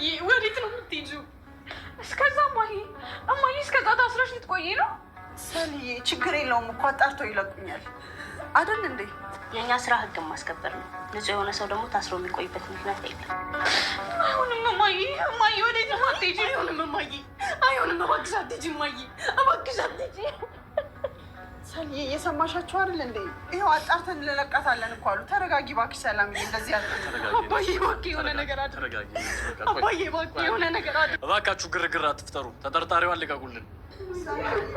እማዬ ወዴት ነው የምትሄጂው? እስከዛ እማዬ እማዬ እስከዛ ታስረሽ ልትቆይ ነው? ሰልዬ ችግር የለውም እኮ አጣርተው ይለቁኛል አይደል እንዴ? የእኛ ስራ ህግን ማስከበር ነው። ንጹህ የሆነ ሰው ደግሞ ታስሮ የሚቆይበት ምክንያት የለም። አይሆንም እማዬ፣ እማዬ ወዴት ነው የማትሄጂው? አይሆንም እማዬ፣ አይሆንም። እባክሽ አትሄጂ እማዬ፣ እባክሽ አትሄጂ ሰኒ የሰማሻቸው አይደል እንዴ? ይኸው አጣርተን እንለቃታለን እኮ አሉ። ተረጋጊ እባክሽ ሰላም። እንደዚህ ያለ አባዬ እባክህ የሆነ ነገር አድርግ። አባዬ እባክህ የሆነ ነገር አድርግ። እባካችሁ ግርግር አትፍጠሩ። ተጠርጣሪው አለቀቁልን። ተረጋጊ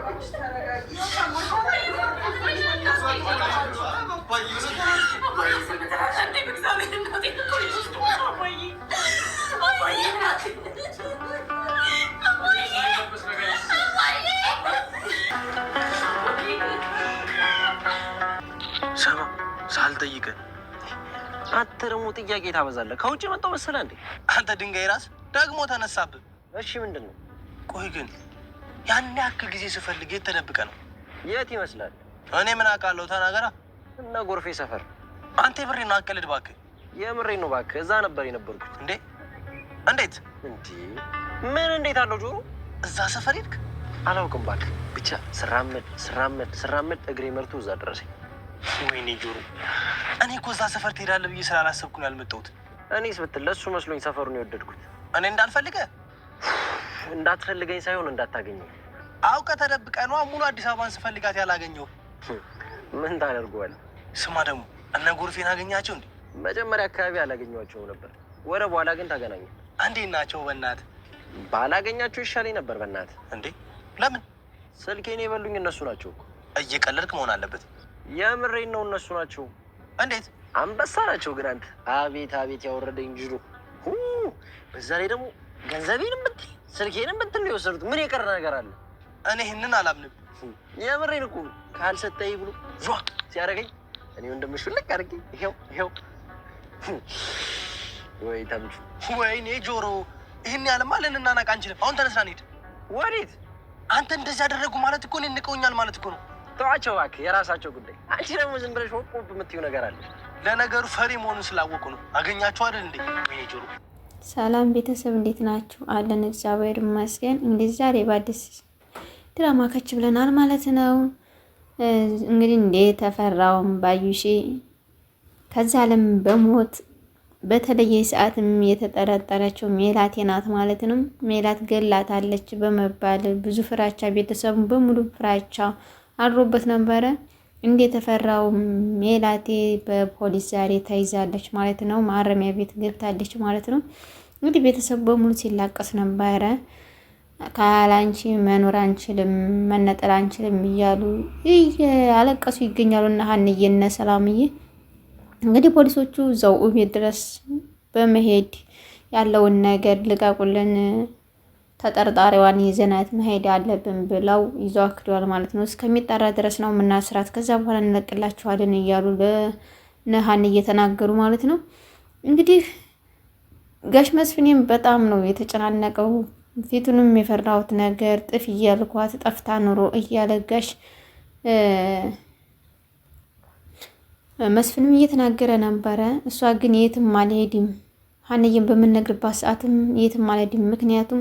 አትርሙ ጥያቄ ታበዛለህ። ከውጭ የመጣው መሰለህ እንዴ? አንተ ድንጋይ ራስ ደግሞ ተነሳብህ። እሺ ምንድን ነው? ቆይ ግን ያን ያክል ጊዜ ስፈልግ የት ተደብቀ ነው? የት ይመስላል? እኔ ምን አውቃለሁ? ተናገራ እና ጎርፌ ሰፈር። አንተ የምሬ ነው? አቀልድ እባክህ። የምሬ ነው እባክህ። እዛ ነበር የነበርኩት። እንዴ እንዴት? እንዲ ምን እንዴት አለው ጆሮ? እዛ ሰፈር ሄድክ? አላውቅም እባክህ። ብቻ ስራመድ ስራመድ ስራመድ እግሬ መርቶ እዛ ደረሰኝ። ወይኔ ጆሮ፣ እኔ እኮ እዛ ሰፈር ትሄዳለህ ብዬ ስላላሰብኩ ነው ያልመጣሁት። እኔስ ብትል ለእሱ መስሎኝ ሰፈሩን የወደድኩት። እኔ እንዳልፈልገ እንዳትፈልገኝ ሳይሆን እንዳታገኘ አውቀ ተደብቀ ነዋ። ሙሉ አዲስ አበባን ስፈልጋት ያላገኘው ምን ታደርገዋል? ስማ ደግሞ እነ ጎርፌን አገኛቸው እንዴ? መጀመሪያ አካባቢ አላገኘኋቸው ነበር። ወደ በኋላ ግን ተገናኘ። እንዴት ናቸው? በናት ባላገኛቸው ይሻለኝ ነበር። በናት እንዴ! ለምን? ስልኬን የበሉኝ እነሱ ናቸው። እየቀለድክ መሆን አለበት የምሬን ነው። እነሱ ናቸው። እንዴት አንበሳ ናቸው። ግን አንተ አቤት አቤት ያወረደኝ ጅሩ። በዛ ላይ ደግሞ ገንዘቤንም ብትል ስልኬንም ብትል ነው የወሰዱት። ምን የቀረ ነገር አለ? እኔ ይህንን አላምንም። የምሬን እኮ ካልሰጠኝ ብሎ ሲያደርገኝ እኔ ልቅ አድርጌ ይኸው ይኸው። ወይ ተምቹ፣ ወይኔ ጆሮ፣ ይህን ያለማ ልንናናቅ አንችልም። አሁን ተነስና እንሂድ። ወዴት? አንተ እንደዚህ ያደረጉ ማለት እኮ እኔ ንቀውኛል ማለት እኮ ነው ተዋቸው እባክህ፣ የራሳቸው ጉዳይ። አንቺ ደግሞ ዝም ብለሽ ወቁ የምትዩ ነገር አለ። ለነገሩ ፈሪ መሆኑን ስላወቁ ነው። አገኛችሁ አይደል እንዴ? ጆሮ ሰላም ቤተሰብ፣ እንዴት ናችሁ? አለን እግዚአብሔር ይመስገን። እንግዲህ ዛሬ በአዲስ ድራማ ከች ብለናል ማለት ነው። እንግዲህ እንዴ ተፈራውም ባዩሺ ከዚህ ዓለም በሞት በተለየ ሰዓትም የተጠረጠረችው ሜላቴ ናት ማለት ነው። ሜላት ገላታለች በመባል ብዙ ፍራቻ ቤተሰቡ በሙሉ ፍራቻ አድሮበት ነበረ። እንዴ የተፈራው ሜላቴ በፖሊስ ዛሬ ተይዛለች ማለት ነው። ማረሚያ ቤት ገብታለች ማለት ነው። እንግዲህ ቤተሰቡ በሙሉ ሲላቀስ ነበረ። ካላንቺ መኖር አንችልም መነጠል አንችልም እያሉ እያለቀሱ ይገኛሉ። እና ሀንዬ እነ ሰላምዬ እንግዲህ ፖሊሶቹ እዛው ቤት ድረስ በመሄድ ያለውን ነገር ልቀቁልን ተጠርጣሪዋን ይዘናት መሄድ አለብን ብለው ይዞ አክዷል ማለት ነው። እስከሚጠራ ድረስ ነው የምናስራት፣ ከዛ በኋላ እንለቅላችኋለን እያሉ ለነሀን እየተናገሩ ማለት ነው። እንግዲህ ጋሽ መስፍኔም በጣም ነው የተጨናነቀው። ፊቱንም የፈራሁት ነገር ጥፍ እያልኳት ጠፍታ ኑሮ እያለ ጋሽ መስፍንም እየተናገረ ነበረ። እሷ ግን የትም አልሄድም፣ ሀንዬም በምንነግርባት ሰዓትም የትም አልሄድም ምክንያቱም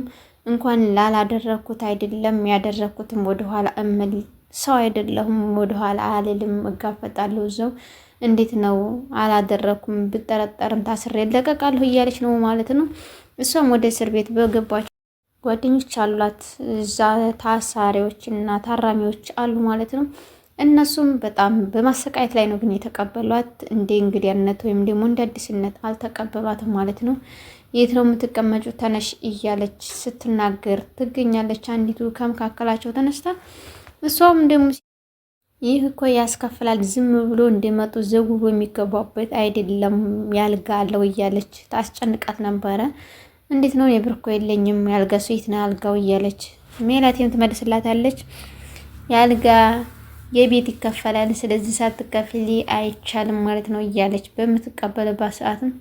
እንኳን ላላደረግኩት አይደለም ያደረግኩትም ወደኋላ እምል ሰው አይደለሁም፣ ወደኋላ አልልም፣ እጋፈጣለሁ። እዛው እንዴት ነው አላደረግኩም፣ ብጠረጠርም ታስሬ እለቀቃለሁ እያለች ነው ማለት ነው። እሷም ወደ እስር ቤት በገባች ጓደኞች አሏት፣ እዛ ታሳሪዎች እና ታራሚዎች አሉ ማለት ነው። እነሱም በጣም በማሰቃየት ላይ ነው ግን የተቀበሏት። እንደ እንግዳነት ወይም ደግሞ እንደ አዲስነት አልተቀበሏትም ማለት ነው። የት ነው የምትቀመጩ? ተነሽ እያለች ስትናገር ትገኛለች። አንዲቱ ከመካከላቸው ተነስታ እሷም ደግሞ ይህ እኮ ያስከፍላል፣ ዝም ብሎ እንደመጡ ዘው ብሎ የሚገባበት አይደለም ያልጋ አለው እያለች ታስጨንቃት ነበረ። እንዴት ነው የብር እኮ የለኝም፣ ያልጋ ሱት ነው ያልጋው እያለች ሜላቴም ትመልስላታለች። ያልጋ የቤት ይከፈላል፣ ስለዚህ ሳትከፍል አይቻልም ማለት ነው እያለች በምትቀበልባት ሰዓትም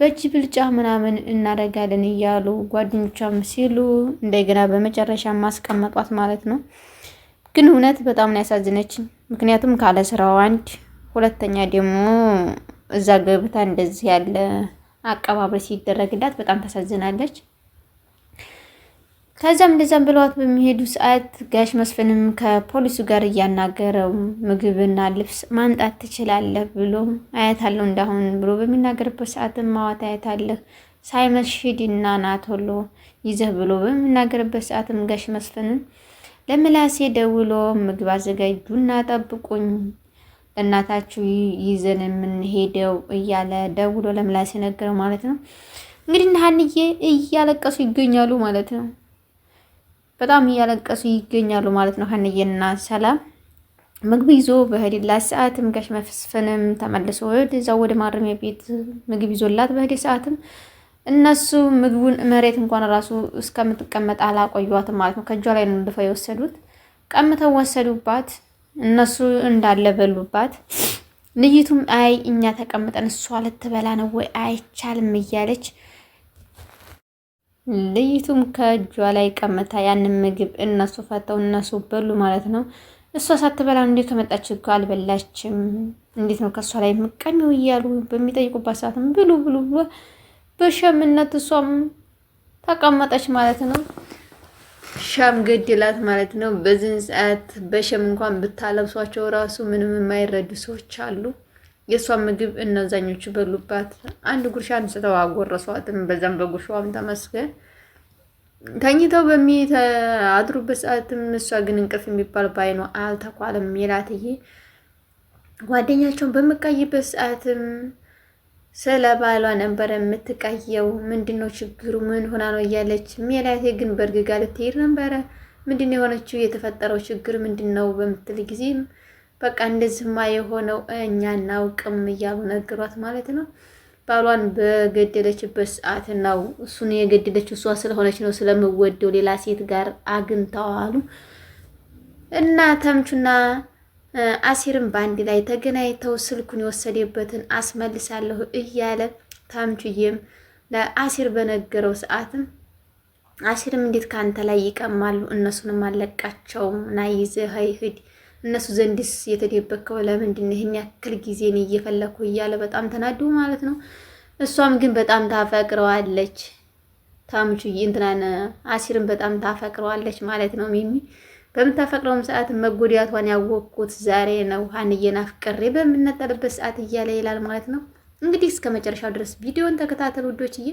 በእጅ ብልጫ ምናምን እናደርጋለን እያሉ ጓደኞቿም ሲሉ እንደገና በመጨረሻ ማስቀመጧት ማለት ነው። ግን እውነት በጣም ነው ያሳዝነችኝ። ምክንያቱም ካለ ስራው አንድ፣ ሁለተኛ ደግሞ እዛ ገብታ እንደዚህ ያለ አቀባበል ሲደረግላት በጣም ታሳዝናለች። ከዚያም እንደዚያም ብለዋት በሚሄዱ ሰዓት ጋሽ መስፍንም ከፖሊሱ ጋር እያናገረው ምግብና ልብስ ማምጣት ትችላለህ ብሎ አያታለሁ እንዳሁን ብሎ በሚናገርበት ሰዓትም ማዋት አያታለህ ሳይመሽ ሂድና ና ቶሎ ይዘህ ብሎ በሚናገርበት ሰዓትም ጋሽ መስፍንም ለምላሴ ደውሎ ምግብ አዘጋጁና ጠብቁኝ እናታችሁ ይዘን የምንሄደው እያለ ደውሎ ለምላሴ ነገረው ማለት ነው። እንግዲህ እነ ሀንዬ እያለቀሱ ይገኛሉ ማለት ነው። በጣም እያለቀሱ ይገኛሉ ማለት ነው። ሀንዬና ሰላም ምግብ ይዞ በህዲላት ሰዓትም ጋሽ መፍስፍንም ተመልሶ ወደዛው ወደ ማረሚያ ቤት ምግብ ይዞላት በህዲ ሰዓትም እነሱ ምግቡን መሬት እንኳን ራሱ እስከምትቀመጥ አላቆዩዋትም ማለት ነው። ከእጇ ላይ ነው ልፈው የወሰዱት። ቀምተው ወሰዱባት። እነሱ እንዳለ በሉባት። ልይቱም አይ እኛ ተቀምጠን እሷ ልትበላ ነው ወይ አይቻልም እያለች ልይቱም ከእጇ ላይ ቀምታ ያንን ምግብ እነሱ ፈተው እነሱ በሉ ማለት ነው። እሷ ሳትበላ እንዴት ከመጣች እኮ አልበላችም፣ እንዴት ነው ከእሷ ላይ ምቀሚው እያሉ በሚጠይቁባት ሰዓትም ብሉ ብሉ ብሎ በሸምነት እሷም ተቀመጠች ማለት ነው። ሻም ገድላት ማለት ነው። በዚህን ሰዓት በሸም እንኳን ብታለብሷቸው ራሱ ምንም የማይረዱ ሰዎች አሉ። የእሷን ምግብ እነዛኞቹ በሉባት። አንድ ጉርሻ አንስተው አጎረሷትም። በዛም በጉርሻዋም ተመስገን። ተኝተው በሚያድሩበት ሰዓትም እሷ ግን እንቅልፍ የሚባል ባይኗ አልተኳለም። ሜላትዬ ጓደኛቸውን በምቃይበት ሰዓትም ስለ ባሏ ነበረ የምትቃየው። ምንድነው ችግሩ? ምን ሆና ነው እያለች ሜላቴ ግን በእርግጋ ልትሄድ ነበረ። ምንድነው የሆነችው? የተፈጠረው ችግር ምንድን ነው በምትል ጊዜም በቃ እንደዚህማ የሆነው እኛ እናውቅም እያሉ ነግሯት ማለት ነው። ባሏን በገደለችበት ሰዓት ነው እሱን የገደለችው እሷ ስለሆነች ነው ስለምወደው ሌላ ሴት ጋር አግኝተዋሉ እና ተምቹና አሲርም በአንድ ላይ ተገናኝተው ስልኩን የወሰደበትን አስመልሳለሁ እያለ ተምቹዬም ለአሲር በነገረው ሰዓትም አሲርም እንዴት ከአንተ ላይ ይቀማሉ እነሱንም አለቃቸውም ና ይዘህ ሂድ እነሱ ዘንድስ የተደበከው ለምንድን ነው? ይህን ያክል ጊዜን እየፈለኩ እያለ በጣም ተናዱ ማለት ነው። እሷም ግን በጣም ታፈቅረዋለች። ታምቹ እንትናን አሲርን በጣም ታፈቅረዋለች ማለት ነው። ሚሚ በምታፈቅረውም ሰዓት መጎዳቷን ያወቅኩት ዛሬ ነው፣ ሀንዬን አፍቅሬ በምነጠልበት ሰዓት እያለ ይላል ማለት ነው። እንግዲህ እስከ መጨረሻው ድረስ ቪዲዮን ተከታተሉ ውዶችዬ።